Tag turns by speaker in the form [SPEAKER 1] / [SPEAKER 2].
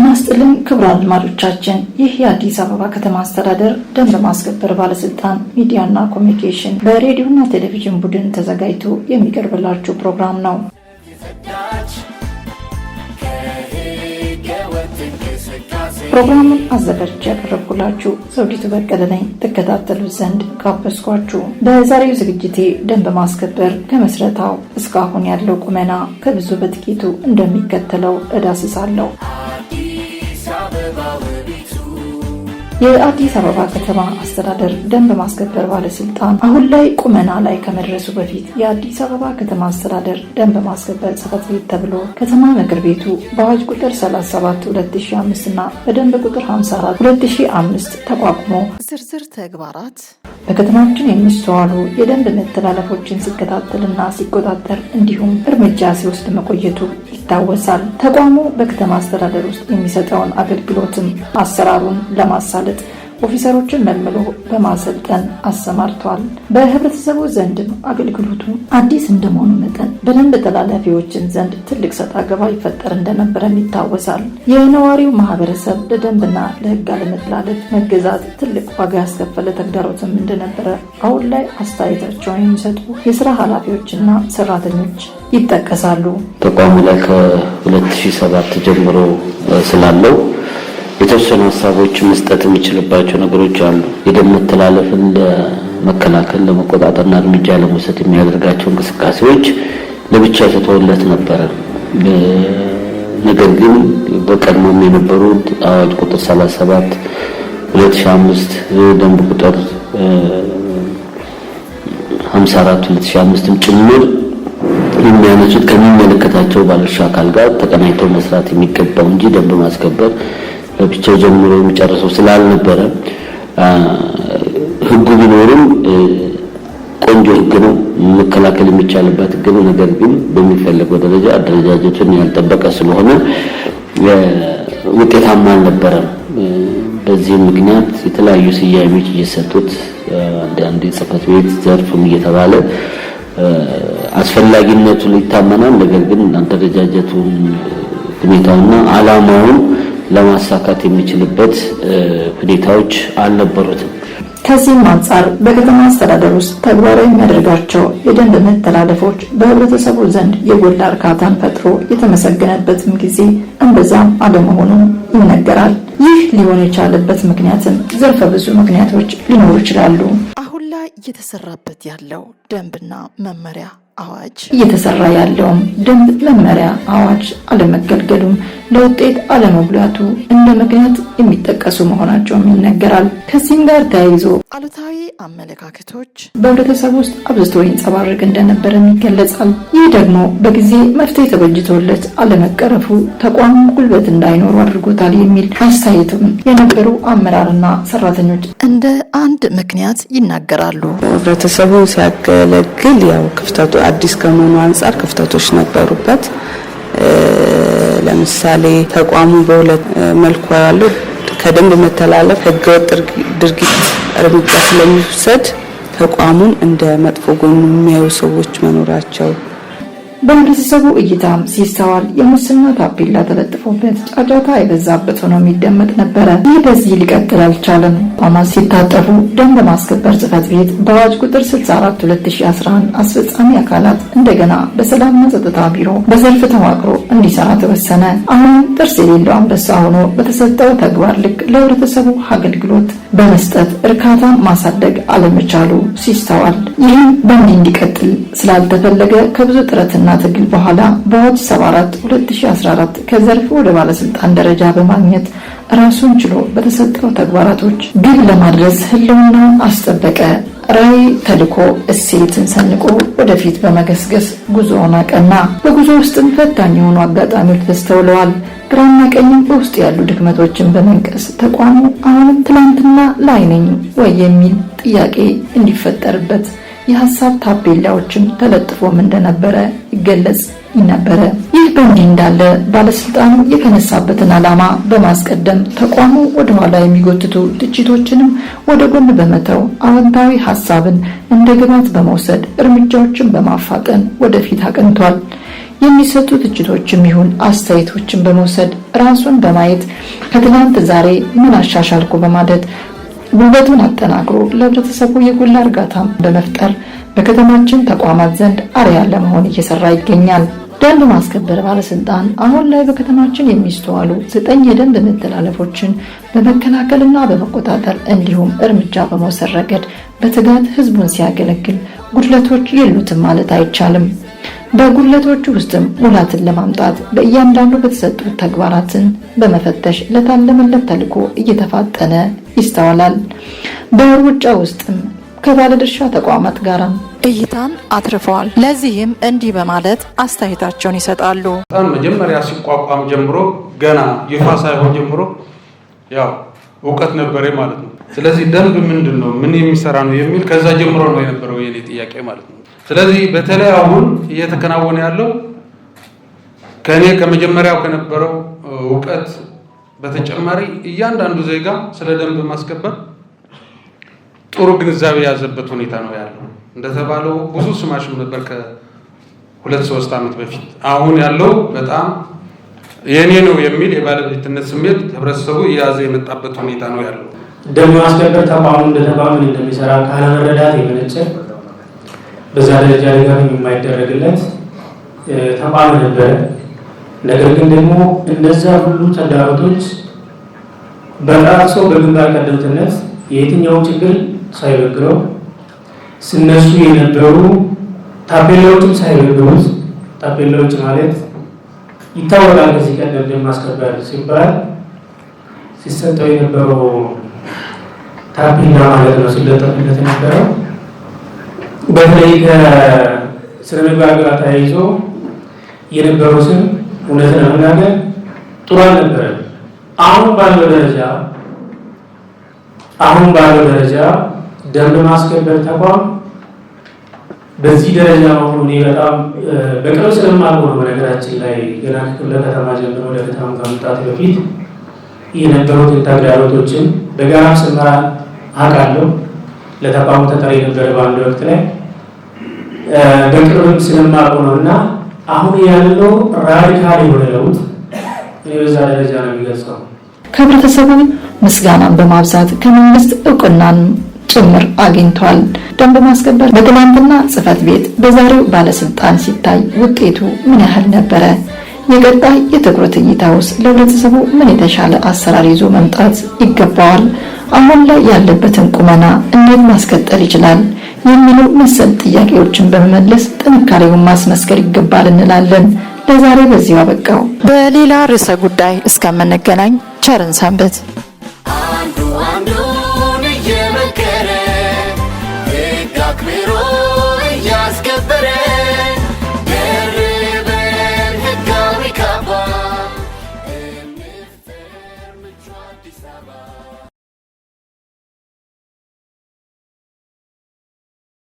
[SPEAKER 1] ጤና ይስጥልን ክቡራን አድማጮቻችን፣ ይህ የአዲስ አበባ ከተማ አስተዳደር ደንብ ማስከበር ባለስልጣን ሚዲያና ኮሚኒኬሽን በሬዲዮና ቴሌቪዥን ቡድን ተዘጋጅቶ የሚቀርብላችሁ ፕሮግራም ነው። ፕሮግራሙን አዘጋጅቼ ያቀረብኩላችሁ ዘውዲቱ በቀለ ነኝ። ትከታተሉት ዘንድ ጋበዝኳችሁ። በዛሬው ዝግጅቴ ደንብ ማስከበር ከመስረታው እስካሁን ያለው ቁመና ከብዙ በጥቂቱ እንደሚከተለው እዳስሳለሁ። የአዲስ አበባ ከተማ አስተዳደር ደንብ ማስከበር ባለስልጣን አሁን ላይ ቁመና ላይ ከመድረሱ በፊት የአዲስ አበባ ከተማ አስተዳደር ደንብ ማስከበር ጽፈት ቤት ተብሎ ከተማ ምክር ቤቱ በአዋጅ ቁጥር 37 2005 እና በደንብ ቁጥር 54 2005 ተቋቁሞ ዝርዝር ተግባራት በከተማችን የሚስተዋሉ የደንብ መተላለፎችን ሲከታተልና ሲቆጣጠር እንዲሁም እርምጃ ሲወስድ መቆየቱ ይታወሳል። ተቋሙ በከተማ አስተዳደር ውስጥ የሚሰጠውን አገልግሎትም አሰራሩን ለማሳለጥ ኦፊሰሮችን መልምሎ በማሰልጠን አሰማርተዋል። በህብረተሰቡ ዘንድም አገልግሎቱ አዲስ እንደመሆኑ መጠን በደንብ ተላላፊዎችን ዘንድ ትልቅ ሰጥ አገባ ይፈጠር እንደነበረም ይታወሳል። የነዋሪው ማህበረሰብ ለደንብና ለህግ አለመተላለፍ መገዛት ትልቅ ዋጋ ያስከፈለ ተግዳሮትም እንደነበረ አሁን ላይ አስተያየታቸውን የሚሰጡ የስራ ኃላፊዎችና ሰራተኞች ይጠቀሳሉ።
[SPEAKER 2] ተቋሙ ላይ ከ2007 ጀምሮ ስላለው የተወሰኑ ሀሳቦች መስጠት የሚችልባቸው ነገሮች አሉ። የደም መተላለፍን ለመከላከል ለመቆጣጠርና እርምጃ ለመውሰድ የሚያደርጋቸው እንቅስቃሴዎች ለብቻ ተተውለት ነበረ። ነገር ግን በቀድሞም የነበሩት አዋጅ ቁጥር 37 2005 ደንብ ቁጥር 54 2005 ጭምር የሚያነሱት ከሚመለከታቸው ባለድርሻ አካል ጋር ተቀናኝተው መስራት የሚገባው እንጂ ደንብ ማስከበር ብቻ ጀምሮ የሚጨርሰው ስላልነበረ ህጉ ቢኖርም ቆንጆ ህግ ነው፣ መከላከል የሚቻልበት ህግ ነው። ነገር ግን በሚፈለገው ደረጃ አደረጃጀቱን ያልጠበቀ ስለሆነ ውጤታማ አልነበረም። በዚህም ምክንያት የተለያዩ ስያሜዎች እየሰጡት አንዳንድ የጽህፈት ቤት ዘርፍም እየተባለ አስፈላጊነቱ ይታመናል። ነገር ግን አደረጃጀቱ ሁኔታውና አላማውን ለማሳካት የሚችልበት ሁኔታዎች አልነበሩትም።
[SPEAKER 1] ከዚህም አንጻር በከተማ አስተዳደር ውስጥ ተግባራዊ የሚያደርጋቸው የደንብ መተላለፎች በህብረተሰቡ ዘንድ የጎላ እርካታን ፈጥሮ የተመሰገነበትም ጊዜ እንበዛም አለመሆኑን ይነገራል። ይህ ሊሆን የቻለበት ምክንያትም ዘርፈ ብዙ ምክንያቶች ሊኖሩ ይችላሉ። አሁን ላይ እየተሰራበት ያለው ደንብና መመሪያ አዋጅ እየተሰራ ያለውም ደንብ፣ መመሪያ፣ አዋጅ አለመገልገሉም ለውጤት አለመጉላቱ እንደ ምክንያት የሚጠቀሱ መሆናቸውም ይነገራል። ከዚህም ጋር ተያይዞ አሉታዊ አመለካከቶች በህብረተሰብ ውስጥ አብዝቶ ይንጸባረቅ እንደነበረም ይገለጻል። ይህ ደግሞ በጊዜ መፍትሄ ተበጅቶለት አለመቀረፉ ተቋሙ ጉልበት እንዳይኖሩ አድርጎታል የሚል አስተያየትም የነበሩ አመራርና ሰራተኞች እንደ አንድ ምክንያት ይናገራሉ። ህብረተሰቡ ሲያገለግል ያው ክፍተቱ አዲስ ከመሆኑ አንጻር ክፍተቶች ነበሩበት። ለምሳሌ ተቋሙ በሁለት መልኩ ያለው ከደንብ መተላለፍ ህገወጥ ድርጊት እርምጃ ስለሚወሰድ ተቋሙን እንደ መጥፎ ጎኑ የሚያዩ ሰዎች መኖራቸው በህብረተሰቡ እይታም ሲስተዋል የሙስና ታፔላ ተለጥፎበት ጫጫታ የበዛበት ሆኖ የሚደመጥ ነበረ። ይህ በዚህ ሊቀጥል አልቻለም። ቋማት ሲታጠፉ ደንብ ማስከበር ጽፈት ቤት በአዋጅ ቁጥር 64 2011 አስፈጻሚ አካላት እንደገና በሰላምና ጸጥታ ቢሮ በዘርፍ ተዋቅሮ እንዲሰራ ተወሰነ። አሁን ጥርስ የሌለው አንበሳ ሆኖ በተሰጠው ተግባር ልክ ለህብረተሰቡ አገልግሎት በመስጠት እርካታ ማሳደግ አለመቻሉ ሲስተዋል ይህም በእንዲህ እንዲቀጥል ስላልተፈለገ ከብዙ ጥረትና ከሙስና ትግል በኋላ በአዋጅ 74 2014 ከዘርፍ ወደ ባለስልጣን ደረጃ በማግኘት ራሱን ችሎ በተሰጠው ተግባራቶች ግብ ለማድረስ ህልውና አስጠበቀ። ራይ ተልኮ እሴትን ሰንቆ ወደፊት በመገስገስ ጉዞውን አቀና። በጉዞ ውስጥም ፈታኝ የሆኑ አጋጣሚዎች ተስተውለዋል። ግራና ቀኝም በውስጥ ያሉ ድክመቶችን በመንቀስ ተቋሙ አሁንም ትላንትና ላይ ነኝ ወይ የሚል ጥያቄ እንዲፈጠርበት የሀሳብ ታፔላዎችም ተለጥፎም እንደነበረ ይገለጽ ነበረ። ይህ በእንዲህ እንዳለ ባለስልጣኑ የተነሳበትን ዓላማ በማስቀደም ተቋሙ ወደኋላ የሚጎትቱ ትችቶችንም ወደ ጎን በመተው አዎንታዊ ሀሳብን እንደ ግባት በመውሰድ እርምጃዎችን በማፋጠን ወደፊት አቅንቷል። የሚሰጡ ትችቶችም ይሁን አስተያየቶችን በመውሰድ ራሱን በማየት ከትናንት ዛሬ ምን አሻሻልኩ በማለት ጉልበቱን አጠናክሮ ለህብረተሰቡ የጎላ እርጋታ በመፍጠር በከተማችን ተቋማት ዘንድ አርያ ለመሆን እየሰራ ይገኛል። ደንብ ማስከበር ባለስልጣን አሁን ላይ በከተማችን የሚስተዋሉ ዘጠኝ የደንብ መተላለፎችን በመከላከልና በመቆጣጠር እንዲሁም እርምጃ በመውሰድ ረገድ በትጋት ህዝቡን ሲያገለግል ጉድለቶች የሉትም ማለት አይቻልም። በጉለቶች ውስጥም ሙላትን ለማምጣት በእያንዳንዱ በተሰጡት ተግባራትን በመፈተሽ ለታለመለት ተልዕኮ እየተፋጠነ ይስተዋላል። በሩጫ ውስጥም ከባለድርሻ ተቋማት ጋር እይታን አትርፈዋል። ለዚህም እንዲህ በማለት አስተያየታቸውን ይሰጣሉ።
[SPEAKER 3] በጣም መጀመሪያ ሲቋቋም ጀምሮ ገና ይፋ ሳይሆን ጀምሮ ያው እውቀት ነበረ ማለት ነው። ስለዚህ ደንብ ምንድን ነው፣ ምን የሚሰራ ነው የሚል ከዛ ጀምሮ ነው የነበረው የኔ ጥያቄ ማለት ነው። ስለዚህ በተለይ አሁን እየተከናወነ ያለው ከእኔ ከመጀመሪያው ከነበረው እውቀት በተጨማሪ እያንዳንዱ ዜጋ ስለ ደንብ ማስከበር ጥሩ ግንዛቤ የያዘበት ሁኔታ ነው ያለው። እንደተባለው ብዙ ስማሽም ነበር ከሁለት ሶስት ዓመት በፊት። አሁን ያለው በጣም የእኔ ነው የሚል የባለቤትነት ስሜት ህብረተሰቡ እየያዘ የመጣበት ሁኔታ ነው ያለው።
[SPEAKER 4] ደንብ ማስከበር ተቋሙ እንደተቋም እንደሚሰራ ካለመረዳት የመነጨ በዛ ደረጃ ድጋፍ የማይደረግለት ተቋም ነበረ። ነገር ግን ደግሞ እነዛ ሁሉ ተግዳሮቶች በራሱ በግንባር ቀደምትነት የየትኛው ችግር ሳይበግረው ስነሱ የነበሩ ታፔላዎችም ሳይበግሩት ታፔላዎች ማለት ይታወቃል። ከዚህ ቀደም ደም ማስከበር ሲባል ሲሰጠው የነበረው ታፔላ ማለት ነው ሲለጠፍለት የነበረው በተለይ ከስነ ምግባር ጋር ተያይዞ የነበሩትን እውነት ለመናገር ጥሩ አልነበረም። አሁን ባለው ደረጃ አሁን ባለው ደረጃ ደንብ ማስከበር ተቋም በዚህ ደረጃ መሆኑ እኔ በጣም በቅርብ በነገራችን ላይ ገና ክፍለ ከተማ ጀምሮ ወደ ከተማ ከመምጣት በፊት የነበሩትን ተግዳሮቶችን በጋራ ስመራ አውቃለሁ። ለተቋሙ ተጠሪ ነበር በአንድ ወቅት ላይ በቅርብም ስለማውቀው ነው እና አሁን ያለው ራዲካል የሆነ ለውጥ በዛ ደረጃ ነው የሚገልጸው።
[SPEAKER 1] ከህብረተሰቡ ምስጋናን በማብዛት ከመንግስት እውቅናን ጭምር አግኝቷል። ደንብ ማስከበር በትናንትና ጽህፈት ቤት በዛሬው ባለስልጣን ሲታይ ውጤቱ ምን ያህል ነበረ? የቀጣይ የትኩረት እይታ ውስጥ ለህብረተሰቡ ምን የተሻለ አሰራር ይዞ መምጣት ይገባዋል? አሁን ላይ ያለበትን ቁመና እንዴት ማስቀጠል ይችላል? የሚሉ መሰል ጥያቄዎችን በመመለስ ጥንካሬውን ማስመስከር ይገባል እንላለን። ለዛሬ በዚሁ አበቃው። በሌላ ርዕሰ ጉዳይ እስከምንገናኝ ቸርን ሰንብት።